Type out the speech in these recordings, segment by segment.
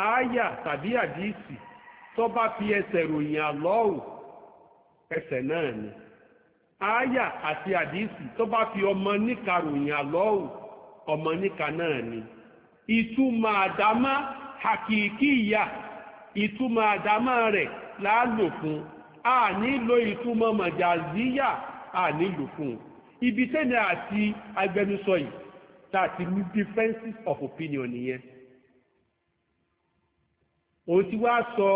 ááyà tàbí àdíìsì tó bá fi ẹsẹ̀ ròyìn àlọ́ọ̀hù ẹsẹ̀ náà ni ááyà àti àdíìsì tó bá fi ọmọ níka ròyìn àlọ́ọ̀hù ọmọ níka náà ni ìtumọ̀ àdámá hakiki ìyà ìtumọ̀ àdámá rẹ̀ láàlò fún a nílò ìtumọ̀ mọ̀jàzíyà a nílò fún ibi tẹ́lẹ̀ àti agbẹnusọ yìí tá a ti ní differences of opinion nìyẹn òun ti wá sọ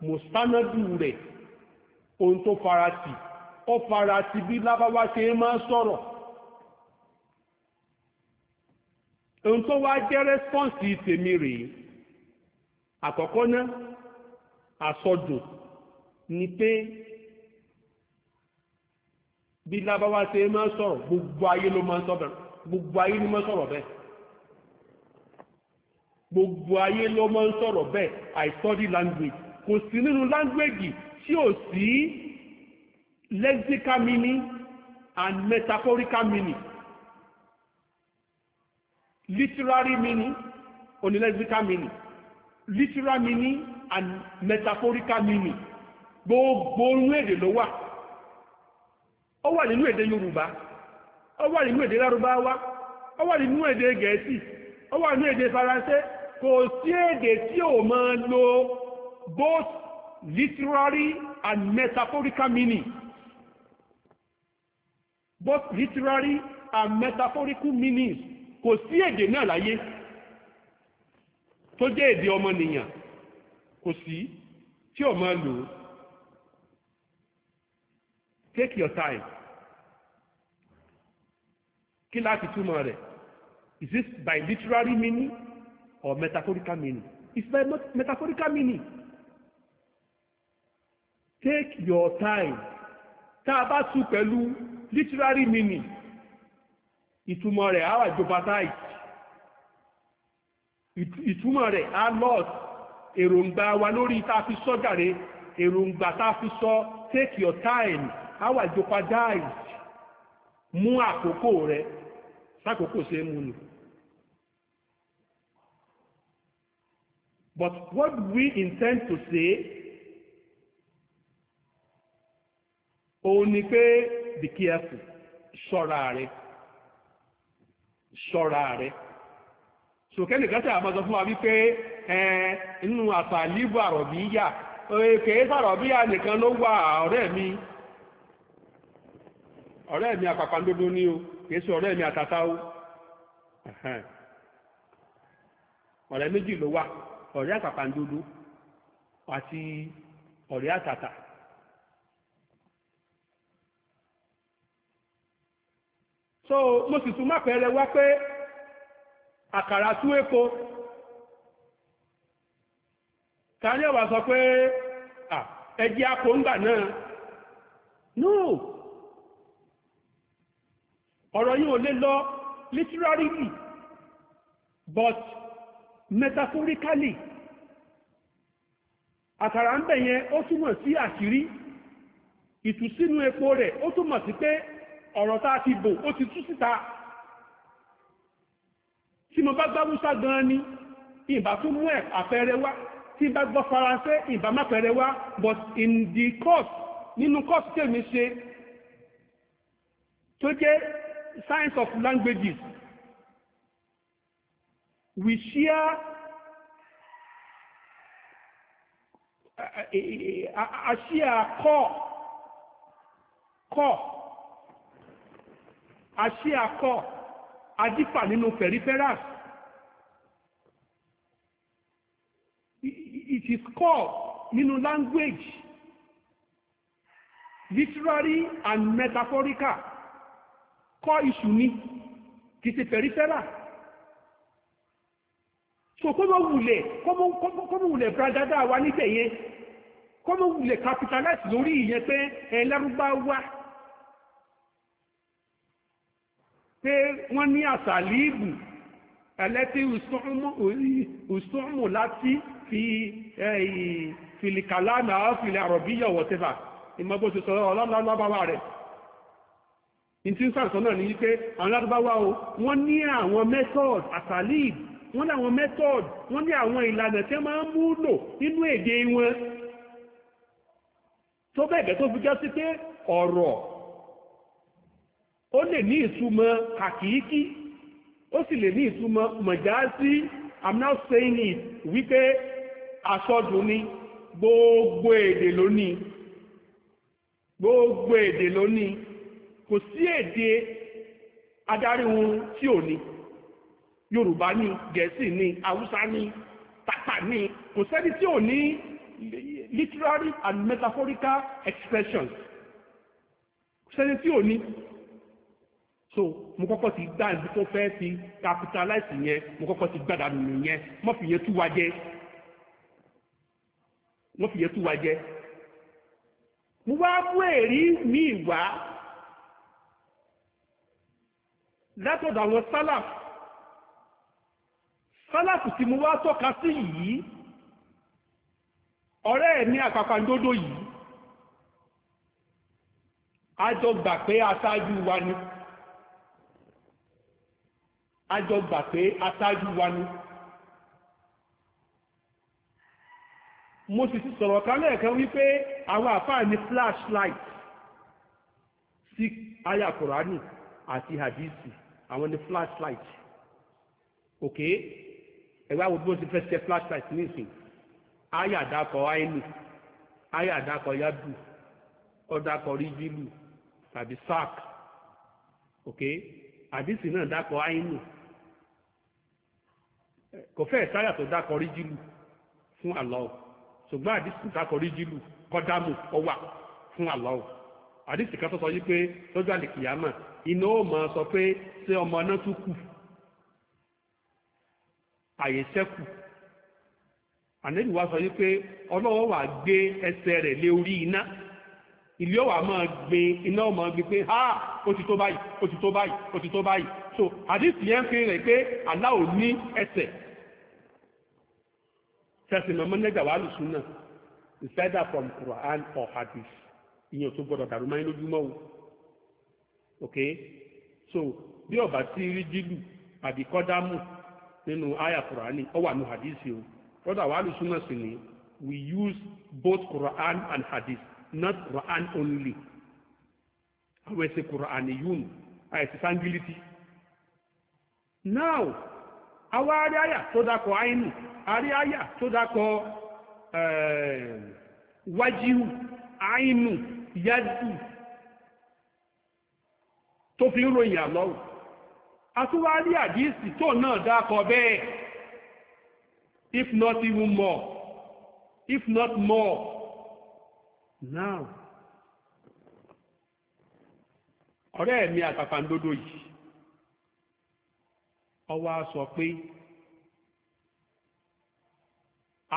mùsánádù rẹ̀ ohun tó farati ó farati bí lábáwá ṣe máa sọ̀rọ̀ ohun tó wá jẹ́ rẹ́spọ́ǹsì tèmi rèé àkọ́kọ́ náà àsọdùn ni pé bí lábáwá ṣe máa máa sọ̀rọ̀ gbogbo ayé ló máa sọ̀rọ̀ bẹ́ẹ̀. gbogbo ayé ló mọ́ ń sọ̀rọ̀ bẹ́ẹ̀ i study language kò sí nínú language tí ò sí lexical meaning and metaphorical meaning literary meaning oní lexical meaning literal meaning and metaphorical meaning gbogbo orun èdè ló wà ó wà nínú èdè Yorùbá ó wà nínú èdè Lárúbáwá ó wà nínú èdè Gẹ̀ẹ́sì ó wà nínú èdè Faransé kò sí èdè tí ò máa lo both literary and metaphorical meaning both literary and metaphorical meanings kò sí èdè náà láyé tó jẹ́ èdè ọmọnìyàn kò sí tí ò máa lò take your time kí láti túmọ̀ rẹ̀ is this by literary meaning or metaphorical meaning. It's by metaphorical meaning. Take your time. Tá a bá pẹ̀lú literary meaning. Ìtumọ̀ rẹ̀ á wà jobatize. Ìtumọ̀ rẹ̀ á lọ́t. Èròǹgbà wa lórí tá a fi sọ jàre. Èròǹgbà tá a fi sọ take your time. Á wà jobatize. Mú àkókò rẹ̀. Sákòókò ṣe é mú ni. but what we intend to say o ni pe di kier su shora are shora are so kemni glesi agbajo sunwa wipe en inu atalibo arobi ya o e pe eze arobi ya nikan lo wa ọrịa emi ọrịa emi a papandreonu ni o pe eze ọrịa emi a tatao ọrịa mejilowa ọ̀rẹ́ àpàpàǹdodo àti ọ̀rẹ́ àtàtà so mo sì tún má pẹ̀rẹ̀ wá pé àkàrà tú epo ta ní ọ̀wà sọ pé ẹjí apò ń gbà náà no ọ̀rọ̀ yìí ò lè lọ literally but metaphorically àkàrà ń bẹ̀ yẹn ó túmọ̀ sí àṣírí ìtùsínú epo rẹ̀ ó túmọ̀ sí pé ọ̀rọ̀ tá a ti bò ó ti tú síta tí mo bá gbáwúsá gan-an ni ìbá tún mú ẹ̀ àpẹẹrẹ wá tí bá gbọ́ faransé ìbá má pẹ̀rẹ̀ wá but in the course nínú course tèmi ṣe tó jẹ́ science of languages we share àṣíà kọ́ kọ́ àṣíà kọ́ adífà nínú peripherals it is core nínú language literary and metaphorical core issue ni kìí ṣe peripheral so kọ́mọ wulẹ̀ kọ́mọ wulẹ̀ brandada wa níbẹ̀ yẹn kọ́mọ wulẹ̀ capitalize lórí ìyẹn pé ẹ lárúbáwá pé wọ́n ní àsàlíìbù ẹlẹ́tí ìsúnmù láti fi fìlìkàlá náà fìlì àrọ̀bíyà wọ̀tẹ́fà ìmọ̀bó ti sọ̀rọ̀ ọlọ́lọ́bàwà rẹ̀ ìtí ń sàrìsọ náà ní wípé àwọn lárúbáwá o wọ́n ní àwọn method àsàlíìbù wọ́n láwọn method wọ́n ní àwọn ìlànà tí máa ń mú lò nínú èdè wọn tó bẹ̀gẹ̀ tó fi jásí pé ọ̀rọ̀ ó lè ní ìtumọ̀ àkíkí ó sì lè ní ìtumọ̀ mọ̀jásí i'm now saying it wípé aṣọ́dún ni gbogbo èdè lónìí gbogbo èdè lónìí kò sí èdè adarí tí ò ní yorùbá ni gẹ̀ẹ́sì ni haúsá ni tàtà ni kò sẹ́ni tí ò ní literary and metaphorical expressions kò sẹ́ni tí ò ní so mo kọ́kọ́ ti gbá ibi tó fẹ́ ti capitalize yẹn mo kọ́kọ́ ti gbàdá nù yẹn mo fi yẹn tú wa jẹ mo fi yẹn tú wa jẹ mo wá mú èrí mi wá látọ̀dọ̀ àwọn sálàfù sálàfù tí mo wá tọ́ka sí yìí ọ̀rẹ́ ẹ̀ ní àpàpàǹdodo yìí a jọ gbà pé aṣáájú wa ni a jọ gbà pé aṣáájú wa ni mo sì ti sọ̀rọ̀ kan lẹ́ẹ̀kan wípé àwọn àfáà ní flashlight sí àyà kùránì àti hadisi àwọn ní flashlight okay ẹ̀wá wo bí wọ́n ti fẹ́ ṣe flashlight nísìn àyà dákọ̀ àìní àyà dákọ̀ yadu ọ̀dàkọ̀ ríjìlù tàbí sac ok àdìsí náà dákọ̀ àìní kò fẹ́ sáyà tó dákọ̀ ríjìlù fún Allah ṣùgbọ́n àdìsí dákọ̀ ríjìlù kọ́dámù ọwà fún Allah àdìsí kan tó sọ yí pé lọ́jọ́ àlèkìyàmà iná ó mọ̀ sọ pé ṣé ọmọ náà tún kù àyè sẹ́kù ànẹ́bí wa sọ wípé ọlọ́wọ́ wà gbé ẹsẹ̀ rẹ̀ lé orí iná ilé ọ̀wà máa gbé iná ọmọ gbé pé ha ó ti tó báyìí ó ti tó báyìí ó ti tó báyìí so àdìsí yẹn fi rẹ̀ pé Allah ò ní ẹsẹ̀ tẹ̀sí mọ́mọ́ nẹ́gbà wà lùsùn náà is either from Quran or Hadith ìyẹn tó gbọdọ̀ dàrú máa ń lójúmọ́ o ok so bí ọba tí rí jílù àbí nínú àyà kùránì ó ní hadisi o brother wa alùsùn náà ni we use both quran and hadith not quran only àwọn ẹsẹ̀ quran yun àìsí sangility now àwa arí àyà tó dákọ̀ àìní arí àyà tó dákọ̀ eh, wájíhù àìnù yádù tó fi ń ròyìn àlọ́wọ̀ àtúwárí àdíìsì tó náà dákọ bẹ́ẹ̀ if not even more if not more now ọ̀rẹ́ mi àpàpàǹdodo yìí ọwọ́ a sọ pé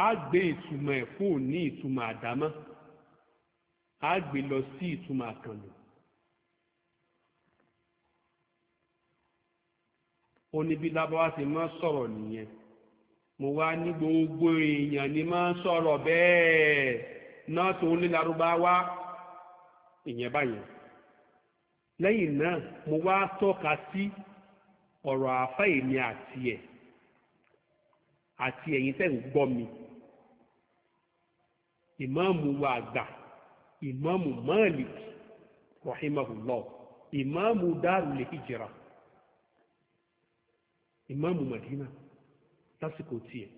a gbé ìtumọ̀ ẹ̀fún ní ìtumọ̀ àdámọ́ a gbé lọ sí ìtumọ̀ àkànlò ó lábáwá ti máa sọ̀rọ̀ nìyẹn mo wá ní gbogbo èèyàn ni máa sọ̀rọ̀ bẹ́ẹ̀ náà tó ní lárúbáwá ìyẹn báyẹn lẹ́yìn náà mo wá tọ́ka sí ọ̀rọ̀ àfá èmi àti ẹ̀ àti ẹ̀yin tẹ́ ń gbọ́ mi ìmáàmù wa àgbà ìmáàmù Málíkì rahimahullah ìmáàmù Madina lásìkò tiẹ̀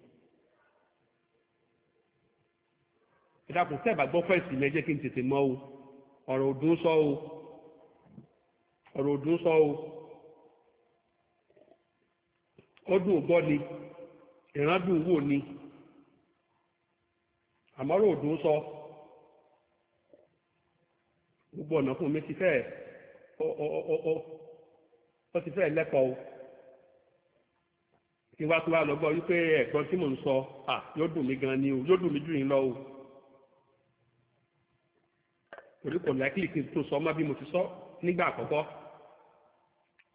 ìdàkùn tẹ́ẹ̀bà gbọ́ fẹ́ẹ̀sì lẹ́jẹ́ kí n tètè mọ́ o ọ̀rọ̀ òdùn sọ o ọ̀rọ̀ òdùn sọ o ọdún ògbọ́ ni ìrandùn wò ni àmọ́rọ̀ òdùn sọ gbogbo ọ̀nà fún mi ti fẹ́ẹ̀ ọ ọ ọ ọ ọ ti fẹ́ẹ̀ lẹ́kọ̀ọ́ o. kí n'ọbọ tó wá lọ wípé ẹ̀gbọ́n tí mò ń gan ni o yóò dùn mí jù yín lọ o torí kò láìkìlì kí n tó sọ ọmọ bí mo ti sọ nígbà àkọ́kọ́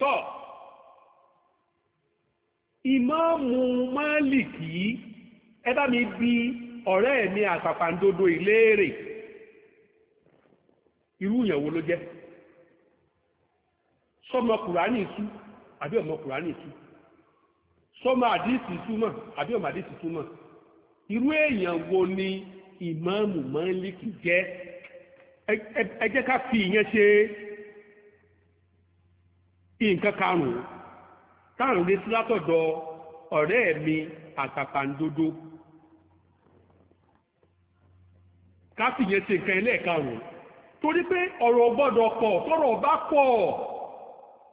tọ́ malik Málìkì ẹ bá mi bi ọ̀rẹ́ mi àpàpàǹdodo irú wo ló jẹ́ àbí sọmọ àdìsí túmọ̀ àbí ọmọ àdìsí túmọ̀ irú èèyàn wo ni ìmáàmù Málíkì jẹ́ ẹ jẹ́ ká fi ìyẹn ṣe nǹkan karùn-ún táwọn retí látọ̀dọ̀ ọ̀rẹ́ mi àtàpàǹdodo ká fi ìyẹn ṣe nǹkan ẹlẹ́ẹ̀karùn-ún torí pé ọ̀rọ̀ gbọ́dọ̀ pọ̀ tọ́rọ̀ bá pọ̀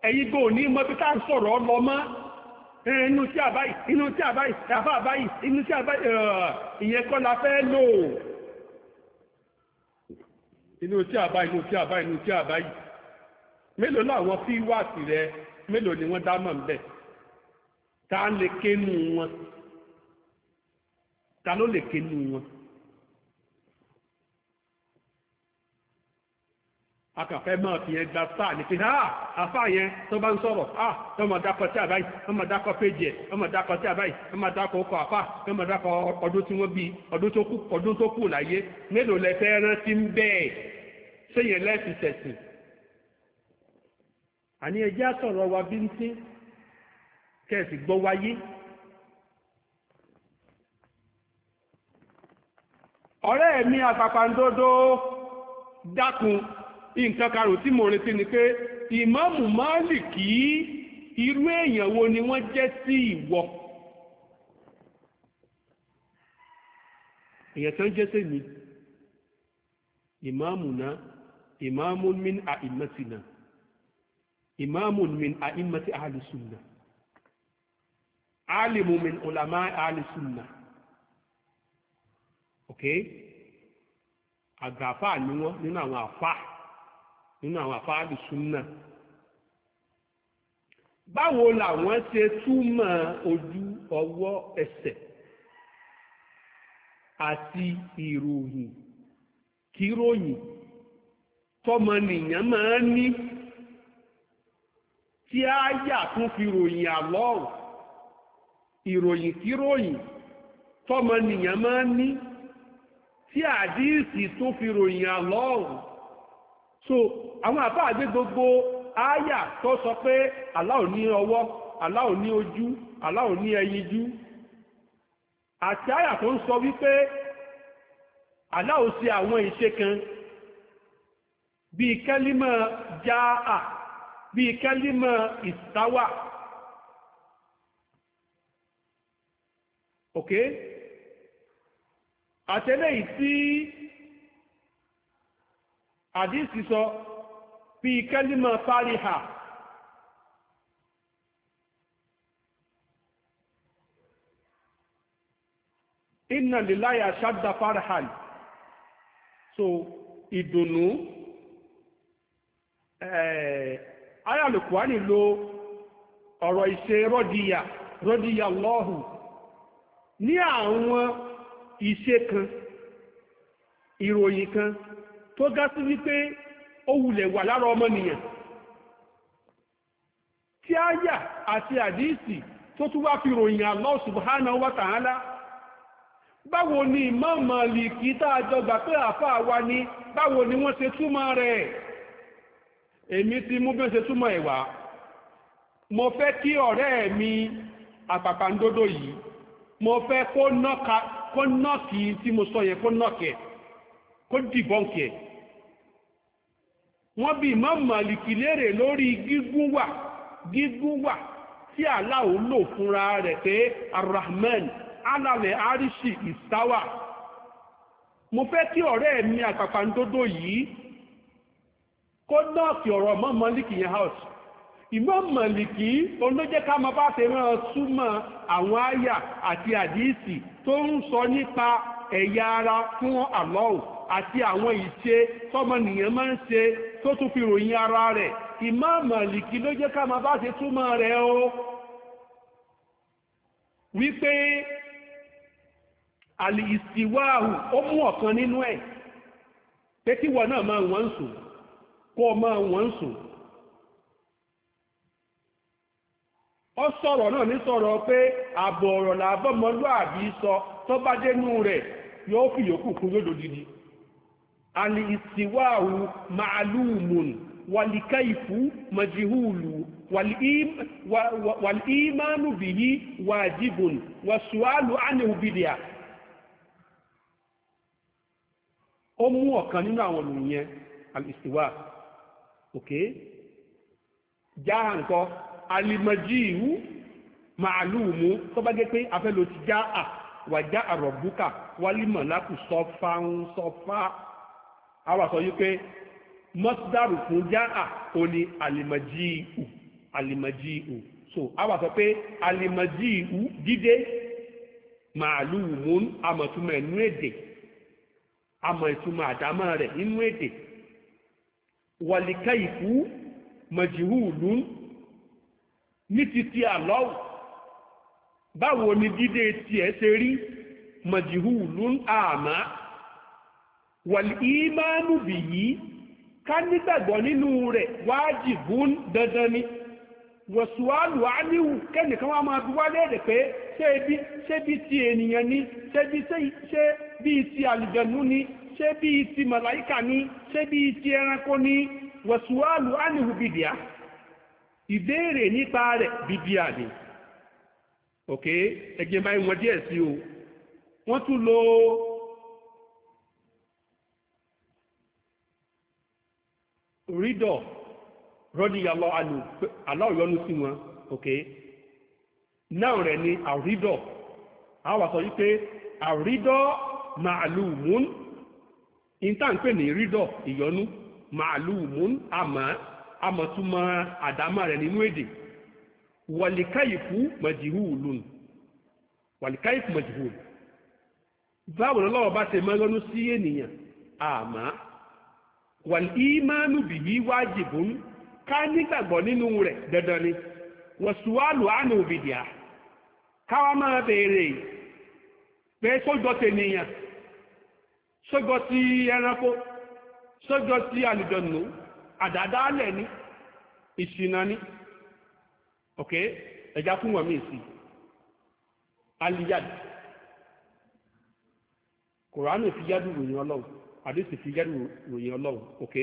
ẹ̀yin gbọ́ ò lọ mọ́. inú tí a báyìí inú tí a báyìí àfá àbáyìí inú tí a báyìí ìyẹn kọ́ la fẹ́ lò inú tí a báyìí inú tí a báyìí inú tí a báyìí mélòó làwọn fi wáàsì rẹ mélòó ni wọ́n dá mọ̀ níbẹ̀ ta lè ké nu wọn ta ló lè ké nu wọn. akàfẹ́ máa fi yẹn gba sáà ní fi háà afá ah, yẹn tó bá ń sọ̀rọ̀ à ah, wọ́n máa dákọ̀ tí àbáyì wọ́n máa dákọ̀ péjì ẹ̀ wọ́n máa dákọ̀ tí àbáyì wọ́n máa dákọ̀ ọkọ̀ afá wọ́n máa dákọ̀ ọdún tí wọ́n bí ọdún tó kù láyé mélòó lẹ fẹ́ rántí ń bẹ́ẹ̀ séyẹn lẹ́ẹ̀fì sẹ̀sìn. àní ẹjẹ́ àsọ̀rọ̀ wa bí ń tín kẹ́ẹ̀sì gbọ́ wáyé. ọ̀rẹ́ mi àpàpàǹdodo dákun nǹkan karùn-ún tí mo retí ni pé ìmáàmù Málìkì irú èèyàn wo ni wọ́n jẹ́ sí ìwọ èèyàn tó ń jẹ́ sí mi ìmáàmù náà ìmáàmù min àìmọ́sìnà ìmáàmù min àìmọ́sì àlùsùnà alimu min ulama àlùsùnà ok àgbàfà ni wọ́n nínú àwọn àfáà nínú àwọn àfáàlù súnà báwo làwọn ṣe túmọ̀ ojú ọwọ́ ẹsẹ̀ àti ìròyìn kíròyìn tọmọnìyàn máa ń ní tí a yà tún fi ròyìn àlọ́rùn ìròyìn kíròyìn tọmọnìyàn máa ń ní tí àdíìsì tún fi ròyìn àlọ́rùn so àwọn àbá àgbé gbogbo ááyà tó sọ pé Allah ní ọwọ́ Allah ní ojú Allah ní ẹyinjú àti ááyà tó ń sọ wípé Allah ṣe àwọn ìṣe kan bíi kẹ́límọ̀ jáà bíi kẹ́límọ̀ ìsáwà ok àtẹ́lẹ̀ yìí tí àdísì sọ fi kẹ́límọ̀ fáríhà inna lillahi ashadda farhan so ìdùnnú eh, ayàlùkùránì lo ọ̀rọ̀ ìṣe rọ́díyà rọ́díyà lọ́hùn ní àwọn ise kan ìròyìn kan to ga si wípé ó wulẹ̀ wà lára ọmọnìyàn tí àyà àti àdíìsì tó tún wá fi ròyìn Allah subhanahu wa ta'ala báwo ni Imam Maliki tá a jọ gbà pé àfáà wa ni báwo ni wọ́n ṣe túmọ̀ rẹ̀ èmi ti mú bẹ́ẹ̀ ṣe túmọ̀ ẹ̀ wá mo fẹ́ kí ọ̀rẹ́ mi àpàpàǹdodo yìí mo fẹ́ kó nọ́ọ̀kì tí mo sọ yẹn kó nọ́ọ̀kì kó dìbọ́ǹkì wọ́n bi Imam Màlìkì léèrè lórí gígùn wà gígùn wà tí Allah lò fúnra rẹ̀ pé Ar-Rahman alalẹ̀ arishi istawa mo fẹ́ kí ọ̀rẹ́ mi àpàpàǹdodo yìí kó nọ́ọ̀kì ọ̀rọ̀ Imam Màlìkì yẹn house Imam Màlìkì olójẹ́ bá ṣe máa súnmọ́ àwọn àyà àti àdíìsì tó ń sọ nípa ẹ̀yà ara fún Allah àti àwọn ìṣe tọ́mọnìyàn máa ń ṣe tó tún fi ròyìn ara rẹ̀ Imam Màlìkì ló jẹ́ ká máa bá ṣe rẹ̀ o wípé àlì ìsìwáhù ó mú ọ̀kan nínú ẹ̀ pé kí wọ náà máa wọ́n ń sùn kó máa wọ́n sùn ọ sọ̀rọ̀ náà ní sọ̀rọ̀ pé àbọ̀ ọ̀rọ̀ làbọ̀mọlúàbí sọ tó bá dénú rẹ̀ yóò fi yòókù kún alìsíwáhù màálùmùn wàlìkàìfù màjìhùlù wàlìmánu bìyí wàjibùn wàsùwàlù ánìhùbìdìà ó mú ọ̀kan nínú àwọn olùyẹn alìsíwá òkè jáà nǹkan alìmọ̀jìhù màálùmù tó bá gẹ́ pé afẹ́lò ti jáà wàjá àrọ̀bùkà wálìmọ̀lákù sọfà ń sọfà àwa sọ wípé mọ́sídàrù fún jáà ó ní àlìmọ̀jìhù àlìmọ̀jìhù so àwa sọ pé àlìmọ̀jìhù dídé màálù mún àmọ̀túnmọ̀ ẹ̀nú èdè àmọ̀ ìtumọ̀ àdámọ́ rẹ̀ nínú èdè wàlìkẹ́ ìkú mọ̀jìhùlù ní ti ti báwo ni dídé tiẹ̀ ṣe rí mọ̀jìhùlù àmọ́ wàlìímánù bì yìí ká nígbàgbọ́ nínú rẹ̀ wájìbùn dandan ni wọ̀sùwálù áníwù kẹ́nìkan wá máa bí wá léèrè pé ṣé bí ti ènìyàn ni ṣé bí ti àlùjẹ̀nú ni ṣé bí ti màláíkà ni ṣé bí ti ẹranko ni wọ̀sùwálù áníwù bìdìá ìbéèrè nípa rẹ̀ bìdìá ni ok ẹgbẹ́ máa wọ́n díẹ̀ sí o wọ́n tún lo rídọ̀ rọ́díyàlọ́ alù sí wọn ok náà rẹ̀ ni àrídọ̀ àwọn sọ wípé àrídọ̀ màálùmún ìtànpẹ̀ ní rídọ̀ ìyọ́nú màálùmún àmọ́ àmọ̀túnmọ̀ àdámà rẹ̀ nínú èdè wàlìkáyìfù màjìhùlùn wàlìkáyìfù màjìhùlùn báwo lọ́wọ́ bá ṣe mọ́ lọ́nú sí ènìyàn àmọ́ wàl ìmánu bìbí wájibun ká nígbàgbọ́ nínú rẹ̀ dandan ni wọ̀sùwálù àánú òbìdíà káwa máa béèrè pé sójọ́ tènìyàn sójọ́ ti ẹranko sójọ́ ti àlùjọ̀nù àdádálẹ̀ ni ìṣìnà ni ok ẹja fún wọn míì sí aliyad kòránù fi yádùn ròyìn ọlọ́run àdìsí fi yẹ́rù ròyìn ọlọ́run ok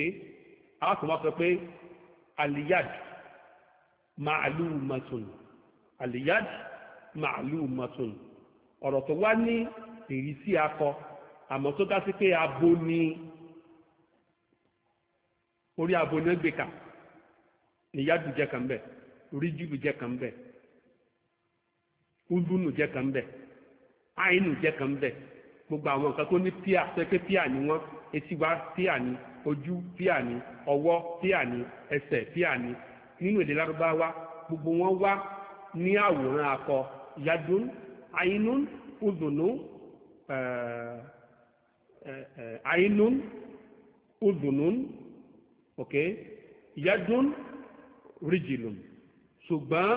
àwọn kan wá sọ pé aliyad ma'lumatun aliyad ma'lumatun ọ̀rọ̀ tó wá ní èyí sí akọ àmọ́ tó dá sí pé abo ni orí abo ní gbé kà níyàdù jẹ́ kàn bẹ́ẹ̀ ríjùlù jẹ́ kàn bẹ́ẹ̀ udunu jẹ́ kàn bẹ́ẹ̀ àìnù jẹ́ kàn bẹ́ẹ̀ gbogbo àwọn nǹkan tó ní píà pẹ́pẹ́ píà ni wọ́n etí wa píà ni ojú píà ni ọwọ́ píà ni ẹsẹ̀ píà ni nínú èdè lárúbáwá gbogbo wọn wá ní àwòrán akọ yadun ainun udunu eh, eh, eh, ainun udunun ok yadun rigilun. ṣùgbọ́n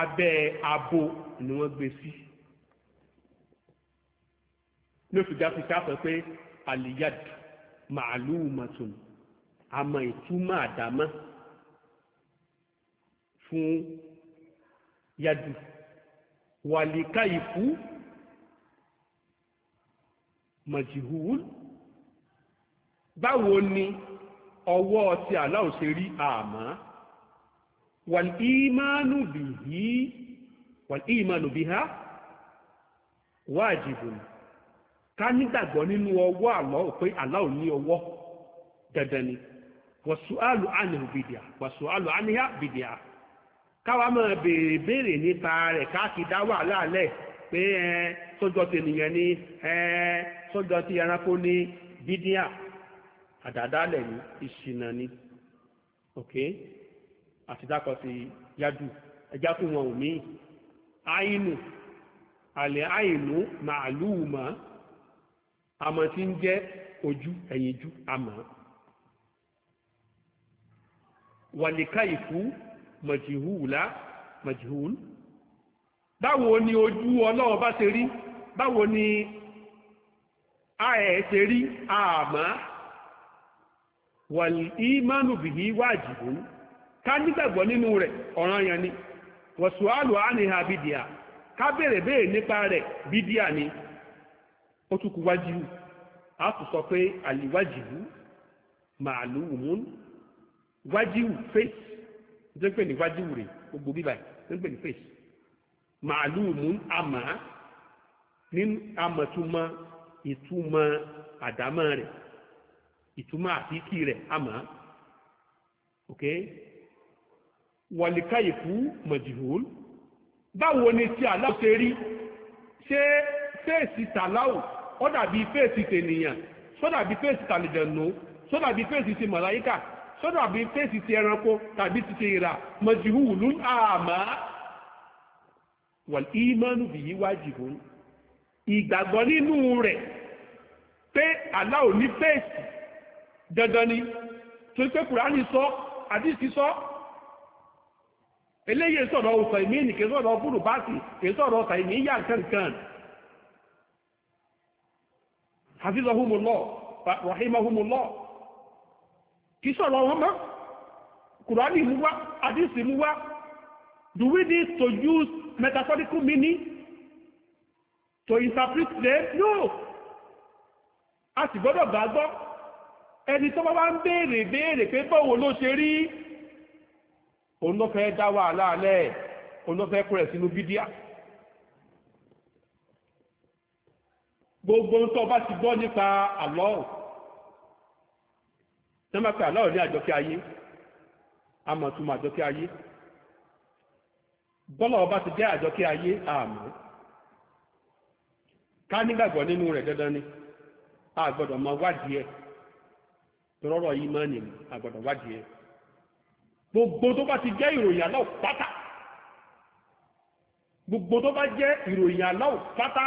abẹ́ abo ni wọ́n gbé sí. Si ló fi dáfi sáfẹ́ pé aliyad ma'lumatun àmọ́ ìtumọ̀ àdámọ́ fún yadu wàlíkà ìfú majihul báwo ni ọwọ́ ti Allah ṣe rí àmọ́ wàlíìmánu bìhí wàlíìmánu ká nígbàgbọ́ nínú ọwọ́ àlọ́ pé àlọ́ ò ní ọwọ́ dandan ni àlù àníhù bìdìà wàsù àlù àníhà káwa máa béèrè béèrè nípa rẹ̀ ká dá wàhálà lẹ̀ pé ẹ sọ́jọ́ ti nìyẹn ni ẹ sọ́jọ́ ti ẹranko ni bìdìà àdàdálẹ̀ ni ni ok àti dákọ̀ fún wọn ò àlẹ́ màálùú ma. àmọ́ tí ń jẹ́ ojú ẹ̀yìn jú àmọ́ wàlíkà ìfú mọ̀jìhúùlá mọ̀jìhúùl báwo ni ojú ọlọ́run bá ṣe rí báwo ni ààyè ṣe rí àmọ́ wàlíìmánu bìí wájìbù ká nígbàgbọ́ nínú rẹ̀ ọ̀ràn yẹn ni wọ̀sùn àlùhánihà bìdíà ká bèrè bèrè nípa rẹ̀ ó tún kú wájibu a tún sọ pé àlìwájibu màálùmún wájibu face tó ń pè ní wájibu rè gbogbo bíbá tó ń pè ní face màálùmún àmà ní àmọ̀túmọ̀ ìtumọ̀ àdámọ̀ rẹ̀ ìtumọ̀ àtìkì rẹ̀ àmà ok wàlìkáyìkú mọ̀jìhùl báwo ni ti aláwọ̀ ṣe rí ṣé fèsì tàláwù ó dàbí fèsì tènìyàn só dàbí fèsì tàlìjẹ̀nù só dàbí fèsì ti màláyíkà só dàbí fèsì ti ẹranko tàbí ti tèèrà mọ̀jìhù ló àmà wọ̀l ìmọ̀nù bìí wájìbù ìgbàgbọ́ nínú rẹ̀ pé Allah ò ní fèsì dandan ni tó pé kùránì sọ àdìsí sọ eléyìí sọ̀rọ̀ òsàn ìmí nìkè sọ̀rọ̀ búrú báàsì kè sọ̀rọ̀ ọ̀sàn ìmí yà kankan hafizahumullah rahimahumullah kì í sọ̀rọ̀ wọn mọ́ kùránì mú wá àdìsí mú wá do we need to use metaphorical meaning to interpret them no a sì gbọ́dọ̀ gbàgbọ́ ẹni tó bá wá ń béèrè béèrè pé bọ́wọ́ ló ṣe rí òun ló fẹ́ dá wàhálà alẹ́ òun ló fẹ́ kúrẹ̀ sínú bídíà gbogbo ń tọ́ bá ti gbọ́ nípa àlọ́ọ̀ tẹ́mà àlọ́ọ̀ ní àjọkẹ́ ayé amọ̀túnmọ̀ àjọkẹ́ ayé bọ́lọ̀ ọba ti jẹ́ àjọkẹ́ ayé àmọ́ ká nígbàgbọ́ nínú rẹ̀ dandan ni a gbọ́dọ̀ wádìí ẹ̀ tọrọrọ yìí máa nìyí a wádìí ẹ̀ gbogbo tó bá ti jẹ́ ìròyìn pátá gbogbo tó bá jẹ́ ìròyìn pátá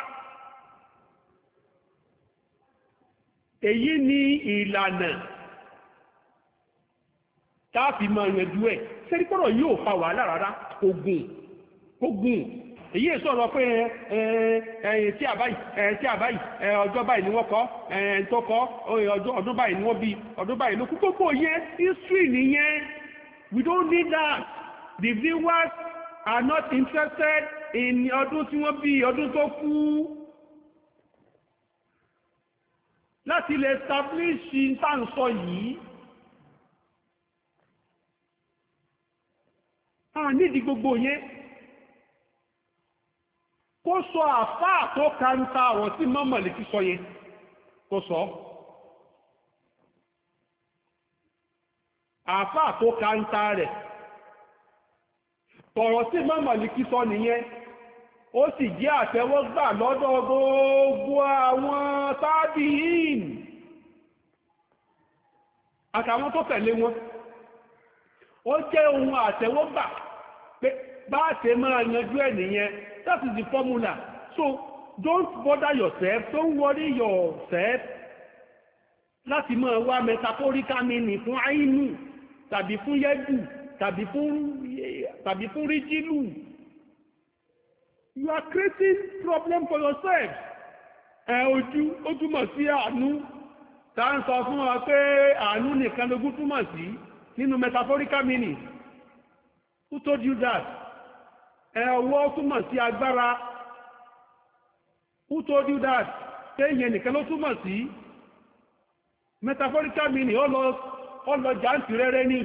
èyí ni ìlànà táàfì máa yanjú ẹ̀ sẹ́rí pọ́rọ̀ yóò fa wàhálà rárá ogun ogun èyí è sọ̀rọ̀ pé ẹ̀yìn tí àbáyì ẹ̀yìn tí àbáyì ọjọ́ báyìí ni wọ́n kọ́ ẹ̀yìn tó kọ́ ọdún báyìí ni wọ́n bí ọdún báyìí ló kú gbogbo yẹn history nìyẹn we don't need that the viewers are not interested in ọdún tí wọ́n bí ọdún tó kú láti lè establish ìtànsọ yìí a nídi gbogbo yẹn kó sọ àfáà tó kàrúta ọ̀rọ̀ tí mọ́mọ̀ lè fi sọ yẹn kó sọ àfáà tó kàrúta rẹ̀ tọ̀rọ̀ tí mọ́mọ̀ lè fi sọ nìyẹn ó sì jẹ́ àtẹ́wọ́gbà lọ́dọ̀ gbogbo àwọn tábìín àtàwọn tó tẹ̀lé wọn ó jẹ́ ohun àtẹ́wọ́gbà pé bá ṣe máa yanjú ẹ̀ nìyẹn that is the formula so don't bother yourself don't worry yourself láti máa wá metaphorical meaning fún àìní tàbí fún yẹ́dù tàbí fún ríjìlù you are creating problem for yourself ẹ ojú ó túmọ̀ sí àánú tá ń sọ fún wa pé àánú nìkan lógún túmọ̀ sí nínú metaphorical meaning who told you that ẹ ọwọ́ túmọ̀ sí agbára who told you that pé ìyẹn nìkan ló túmọ̀ sí metaphorical meaning ó lọ jàǹtì rẹ́rẹ́ ni.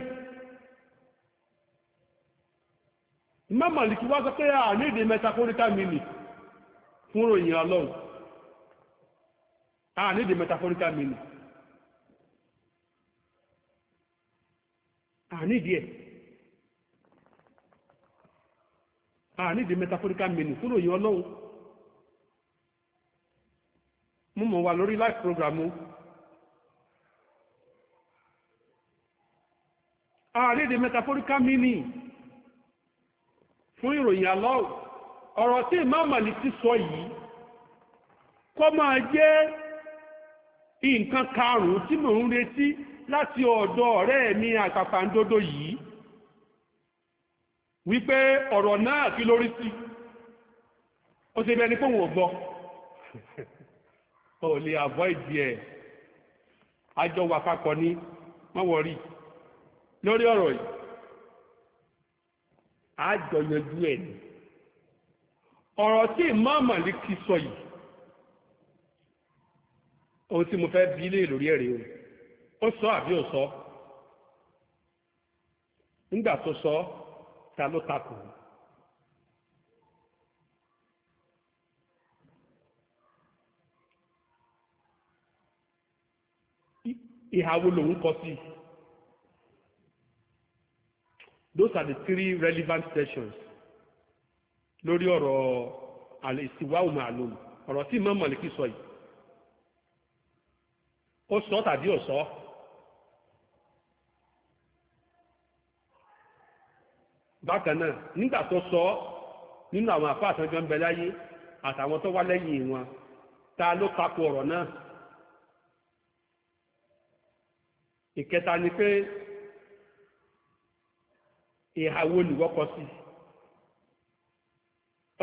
Imam Malik wá sọ pé a ní èdè metaphorical meaning fún ròyìn ọlọ́run a ní èdè metaphorical meaning a ní ìdí ẹ̀ a ní èdè metaphorical meaning fún ròyìn ọlọ́run mú mọ̀ wà lórí live program a ní èdè metaphorical meaning fún ìròyìn alọ́ọ̀ ọ̀rọ̀ tí ìmáàmàlì ti sọ yìí kọ́ máa jẹ́ nǹkan karùn-ún tí mò ń retí láti ọ̀dọ̀ ọ̀rẹ́ mi àpàpàǹdodo yìí wípé ọ̀rọ̀ náà kí lórí sí ó ṣe bẹni fóun ọ̀gbọ́ o lè avoid ẹ̀ àjọ wà papọ̀ ní mọ́wọ́rí lórí ọ̀rọ̀ yìí àjọ yanjú ẹ̀ ni ọ̀rọ̀ tí ìmáàmà lè kí sọ yìí ohun tí mo fẹ́ bí lè lórí ẹ̀rẹ́ o ó sọ àbí ò sọ nígbà tó sọ ta ló takò ìhàwó lòun kọ sí i. those are the three relevant sections lórí ọ̀rọ̀ àlèsíwá àlòm ọ̀rọ̀ tí sọ yìí ó sọ tàbí sọ bákan náà nígbà tó sọ nínú àwọn ń bẹ láyé àtàwọn tó wá wọn ta ló náà ni pé ìhà ni wọ́n kọ sí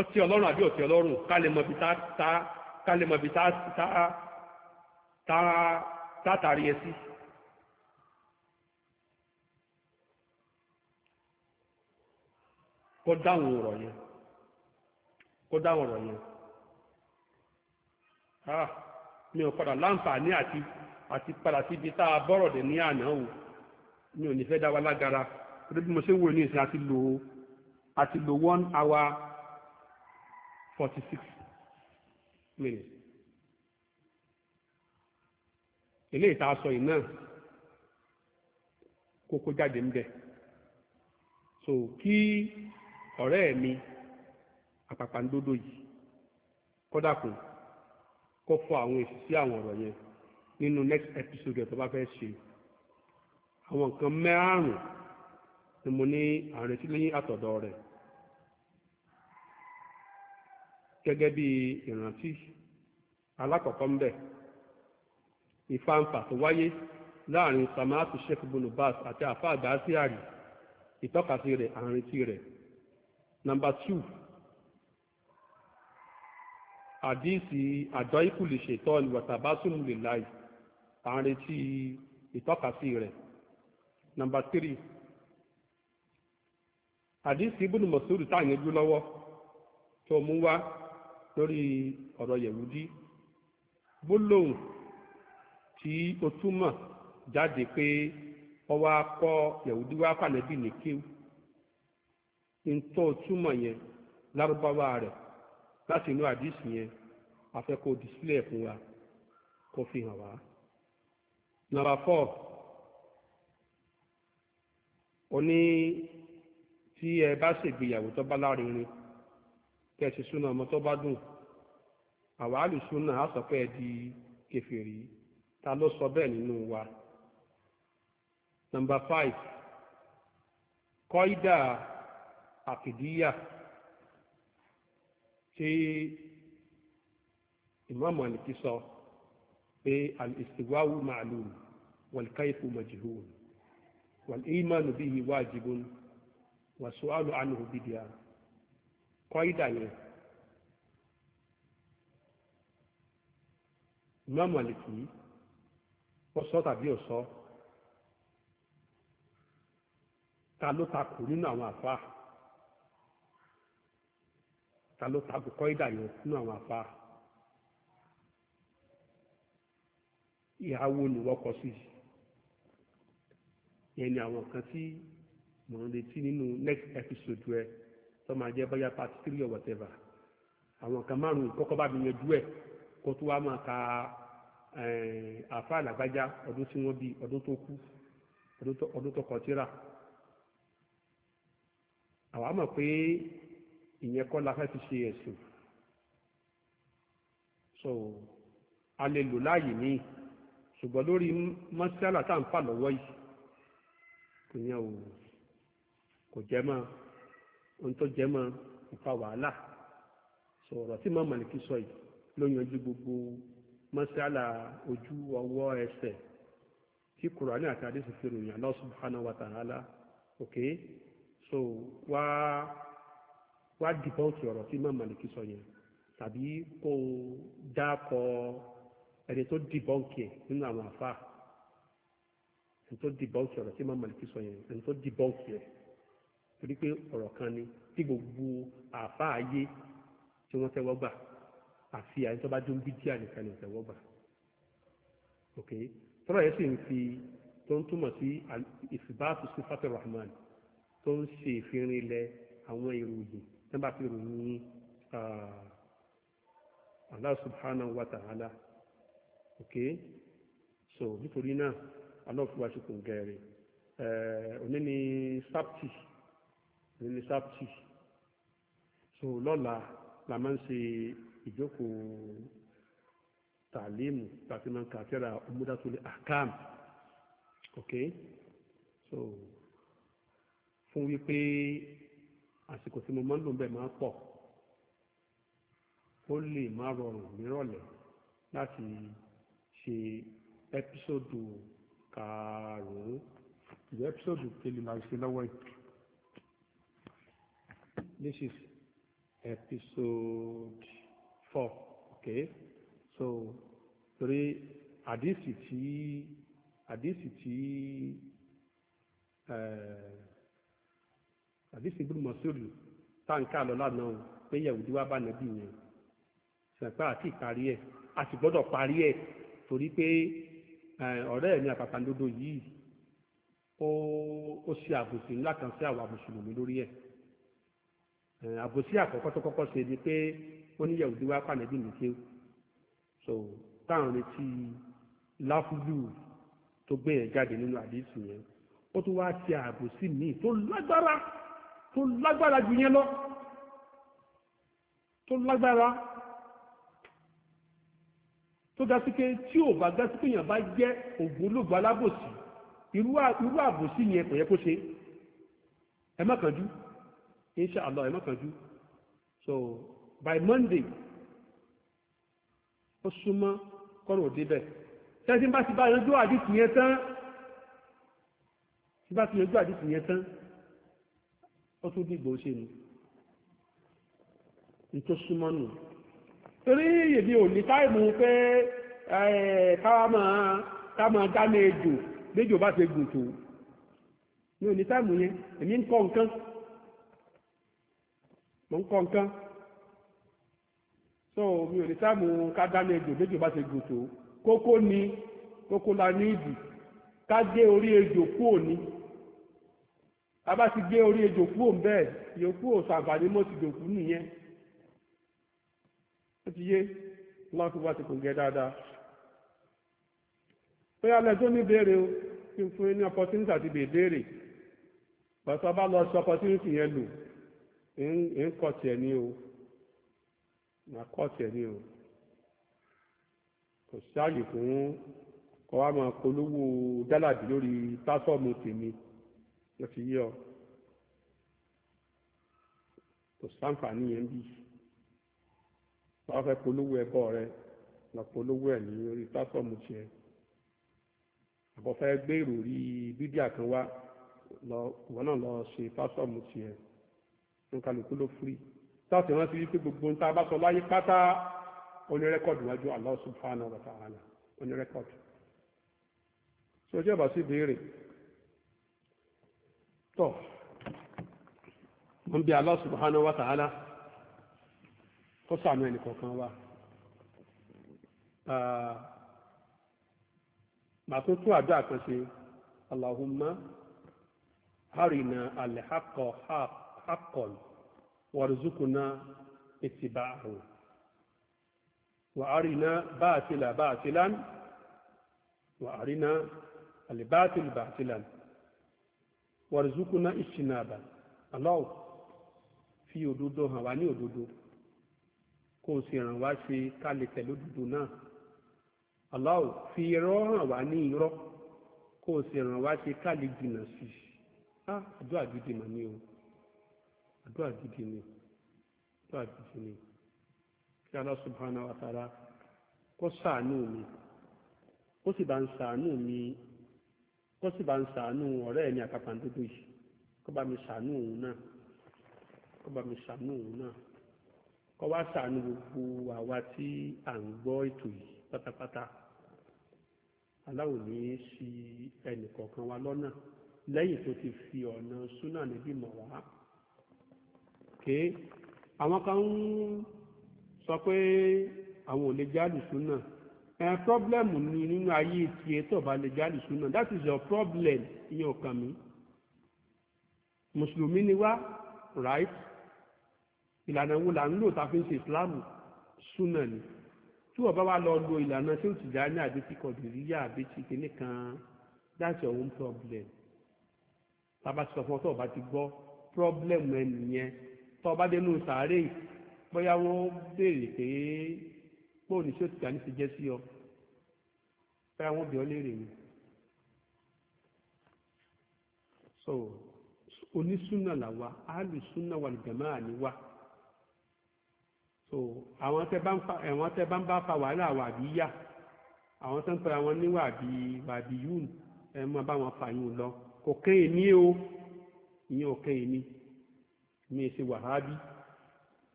ọtí ọlọ́run àbí ọtí ọlọ́run ká lè mọ ibi tá tá ká lè mọ ibi tá tá tá tá tàrí ẹ sí. kó dáhùn ọ̀rọ̀ yẹn kó dáhùn ọ̀rọ̀ yẹn ah mi ò padà láǹfààní àti àti padà síbi tá a bọ́rọ̀ dé ní àná o mi ò ní fẹ́ dá lágara bí mo ṣe ń wò ní ìsìn àti lò àti lò one hour forty six minutes eléyìí tá a sọ yìí náà kókó jáde ń bẹ so kí ọ̀rẹ́ mi àpàpàǹdodo yìí kódà kù kó fọ àwọn èsì sí àwọn ọ̀rọ̀ yẹn nínú next episode ẹ̀ tó bá fẹ́ ṣe àwọn nǹkan márùn ni mo ní àrètí lẹ́yìn àtọ̀dọ̀ rẹ̀ gẹ́gẹ́ bí ìrántí alákọ̀ọ́kọ́ ń bẹ̀ ìfàǹfà tó wáyé láàrin samatu sheikh bunu bas àti afa àgbàásíàrì ìtọ́kasí rẹ̀ àrètí rẹ̀ nàmbà 2 àdíìsì àjọ ìkùlì ṣètọ́ ìwàtàbásùnmù lè láì àrètí ìtọ́kasí rẹ̀ nàmbà 3 àdìsí ibùdó mọ̀súrù táyẹn dúró lọ́wọ́ tó mú wá lórí ọ̀rọ̀ yẹ̀wúdí gbólóhùn tí o túmọ̀ jáde pé ọwọ́ akọ yẹ̀wúdí wá fànẹ́bí ní kíw ntọ́ túmọ̀ yẹn lárúbáwá rẹ̀ láti inú àdìsí yẹn afẹ́kọ̀ọ́ fún tí ẹ bá ṣègbéyàwó tó bá lárinrin kẹsì súnà ọmọ tó bá dùn àwa àlùsúnà á sọ pé ẹ di kẹfìrí ta ló sọ bẹ́ẹ̀ nínú wa. Number five kọ́ídà àkìdíyà tí Imam Málíkì sọ pé al-istiwa'u ma'lum wal-kayfu majhul wal-imanu wàsúwàlù ànú bìdíà kọ́ ìdà yẹn Imam Màlìkì ọsọ tàbí ọsọ ta ló takò nínú àwọn àfáà ta ló takò kọ́ ìdà nínú àwọn àfáà ìhàwó ni wọ́n kọ sí yẹn ni àwọn kan tí. mò ń retí nínú next episode rẹ tó máa jẹ́ bóyá part three or whatever àwọn kan márùn-ún kọ́kọ́ bá mi yanjú ẹ̀ kó tó wá máa ka eh, àfa làgbájá ọdún tí wọ́n bí ọdún tó kú ọdún tó kọ tíra àwa mọ̀ pé ìyẹn kọ́ la fẹ́ fi ṣe ẹ̀sìn so a lè lò láàyè ní ṣùgbọ́n lórí mọ́sálà tá à ń fà lọ́wọ́ yìí kò yẹn o kò jẹ́ mọ́ ohun tó jẹ́ mọ́ kò fa wàhálà sọ̀rọ̀ tí màmá ní kí sọ yìí ló yanjú gbogbo mọ́sálà ojú ọwọ́ ẹsẹ̀ tí kùránì àti àdéṣe fi ròyìn Allah subhanahu wa ta'ala ok so wá wá dìbọ́ọ̀tì ọ̀rọ̀ tí màmá ní kí sọ yẹn tàbí kó o dákọ̀ ẹni tó dìbọ́ǹkì ẹ̀ nínú àwọn àfáà ẹni tó dìbọ́ǹkì ọ̀rọ̀ tí màmá ní kí sọ yẹn ẹni tó dìbọ́ǹkì ẹ̀ torí pé ọ̀rọ̀ kan ni tí gbogbo àfa ayé tí wọ́n tẹ́wọ́ gbà àfi àyè tó bá jó ń bí díà nìkan ní tẹ́wọ́ gbà ok tọ́lá yẹn sì ń fi tó ń túmọ̀ sí ìfìbáàtú sí fatah rahman tó ń ṣe ìfirinlẹ̀ àwọn ìròyìn tó bá fi Allah subhanahu wa ta'ala ok so nítorí náà Allah fi wá ṣe kò gẹ̀rẹ̀ òní ni sábtì ní sábtì so lọ́la la máa ń ṣe ìjókòó tàlímù tàbí máa ń kà tẹ́ra ọmúdátúlẹ̀ àkàm ok so fún wípé àsìkò tí mo máa ń lò bẹ́ẹ̀ máa pọ̀ ó lè má rọrùn nírọ̀lẹ́ láti ṣe ẹ́písòdù karùn-ún ìwé ẹ́písòdù kejì la ṣe lọ́wọ́ yìí this is episode four okay so three àdìsí tí àdìsí tí àdìsí gbúdùmọ̀ sórí táǹkà lọ lánàá pé yẹ̀wùdí wá bá nàbí yẹn ṣẹ̀pá àti ìparí ẹ̀ a sì gbọ́dọ̀ parí ẹ̀ torí pé ọ̀rẹ́ ẹ̀ ní àpàpàǹdodo yìí ó ṣe àbòsí ńlá kan sí àwa mùsùlùmí lórí ẹ̀. Eh, àbòsí àkọ́kọ́ tó kọ́kọ́ ṣe ni pé ó ní yahudi wá pàdébí mi kéw so táwọn retí láfúlù tó gbé yẹn jáde nínú àdéhùn yẹn ó tún wá ti àbòsí míì tó lágbára tó lágbára ju yẹn lọ tó lágbára tó ga sí pé tí ò bá ga sí pé yẹn bá jẹ́ ògbólógbò alábòsí irú àbòsí yẹn kò yẹ kó ṣe ẹ má kánjú inshallah ẹ má kánjú so by monday ó súnmọ́ kọ́rọ̀ òdebẹ̀ tẹ́sí bá ti bá yanjú àdìsí yẹn tán tí bá ti yanjú àdìsí yẹn tán ó tún dìgbò ṣe ni nítò súnmọ́ nù torí èmi ò ní táìmù pé káwá máa ká máa dáná ejò gbéjò bá ṣe gùn tó mi ò ní táìmù yẹn èmi ń kọ́ nǹkan mò ń kọ́ nǹkan so mi ò ní sáàmù ká dání ejò méjì bá ṣe gùn tó kókó ni kókó la ní ìdì ká gé orí ejò kúò ní a bá ti gé orí ejò kúò ń bẹ́ẹ̀ yòókù ò ni mọ́ ti dòkú nìyẹn ó ti yé wọn fi wá ti kò gẹ dáadáa bóyá lẹ́jọ́ ní béèrè o kí n fún yín ní opportunity àti bèbèrè pàṣẹ bá lọ ṣe opportunity yẹn lò. ń kọ̀tì ẹ̀ ní o mà kọ̀tì ẹ̀ o kò sáàyè fún kọ́ wa máa polówó dálàbí lórí pásọ̀mù tèmi wọ́n ọ kò sáǹfààní yẹn bí wọ́n fẹ́ polówó ẹbọ rẹ lọ polówó ẹ̀ ní orí pásọ̀mù tiẹ̀ àbọ̀fẹ́ gbé ìròrí bídíà kan lọ ìwọ náà lọ nkàlùkù ló firi táàtì rántí gbogbo nta tá a bá sọ láyé pátá oní rẹ́kọ̀dù wájú Allah subhanahu wa ta'ala oní rẹ́kọ̀dù tí ojú ọba sí béèrè tọ́ mo ń bí wa ta'ala kó sàánú ẹnì kọ̀ọ̀kan harina ala haqqa حقا وارزقنا اتباعه وأرنا باطلا باطلا وأرنا الباطل باطلا وارزقنا اجتنابا الله fi òdodo hàn wá ní òdodo kó o sì ràn wá ṣe ká lè tẹ̀lé òdodo náà Allah fi irọ́ hàn wá ní irọ́ kó o sì ràn wá ṣe ká lè jìnnà sí i ah, o. àdúrà gidi ni àdúrà gidi ni kí Allah subhanahu kó mi kó sì bá ń ṣàánú mi kó sì bá ń ṣàánú ọ̀rẹ́ mi yìí kó bá mi òun náà kó bá mi ṣàánú òun náà kó wá ṣàánú gbogbo àwa tí à ń gbọ́ ètò yìí pátápátá aláwo ní í wa lọ́nà lẹ́yìn tó ti fi ọ̀nà súnà níbí mọ̀ wá. òkè àwọn kan ń sọ pé àwọn ò lè jẹ́ àlùsùnà ẹ pọ́blẹ́mù ni nínú ayé tí ẹ tọ̀ bá lè jẹ́ àlùsùnà that is your problem ìyẹn ọ̀kan mi mùsùlùmí ni wá right ìlànà wo là ń lò tá a fi ń ṣe ìsìláàmù súnà ni tí wọ́n bá wá lọ lo ìlànà tí ó ti dá ní àbí ti àbí ti kíní kan that's your own problem tá a bá ti sọ fún ọ tó o bá ti gbọ́ problem ẹ nìyẹn tọ́ bá dénú sàárè bóyá wọ́n béèrè pé pò ní ṣó tìkà ní ti jẹ́ sí ọ bóyá wọ́n bí ọ léèrè ni. so onísúnà làwa alùsúnà wà lùgbẹ̀mọ́ àníwá so àwọn tẹ bá ń bá fa wàhálà wàbí yá àwọn tó ń pera wọn ní wàbí wàbí yún ẹ máa bá wọn fà yún lọ kò kẹ́yìn ní o ìyẹn ò kẹ́yìn ní. èmi wahabi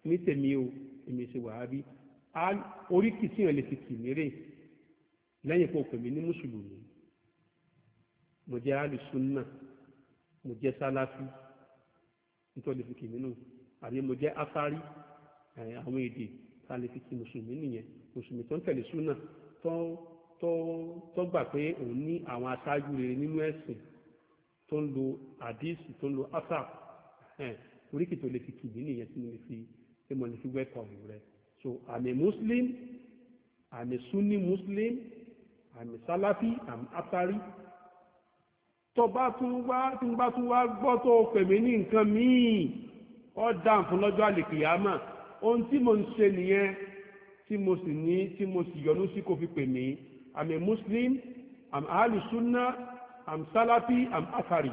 ní o èmi wahabi wàhábí oríkì lè fi kì lẹ́yìn pé o ní mùsùlùmí mo jẹ́ alùsùnà mo jẹ́ sálàfí nítorí lè fi kì mí nù àbí mo jẹ́ afárí àwọn èdè tá lè fi kì mùsùlùmí nìyẹn mùsùlùmí tó ń tẹ̀lé tó tó rere nínú ẹ̀sìn tó ń lo tó ń lo asap oríkì tó lè fi kìdí nìyẹn tí mo fi tí mo lè fi wẹ́kọ̀mù rẹ so I'm a Muslim I'm a Sunni Muslim I'm Salafi I'm Atari tó bá tún wá tí n bá tún wá gbọ́ tó pèmí ní nǹkan míì ó dáhùn fún lọ́jọ́ àlèkìyàmà ohun tí mo ń ṣe nìyẹn tí mo sì ní tí mo sì yọnu sí kò fi pèmí I'm a Muslim I'm Ahlu Sunnah I'm Salafi I'm Atari.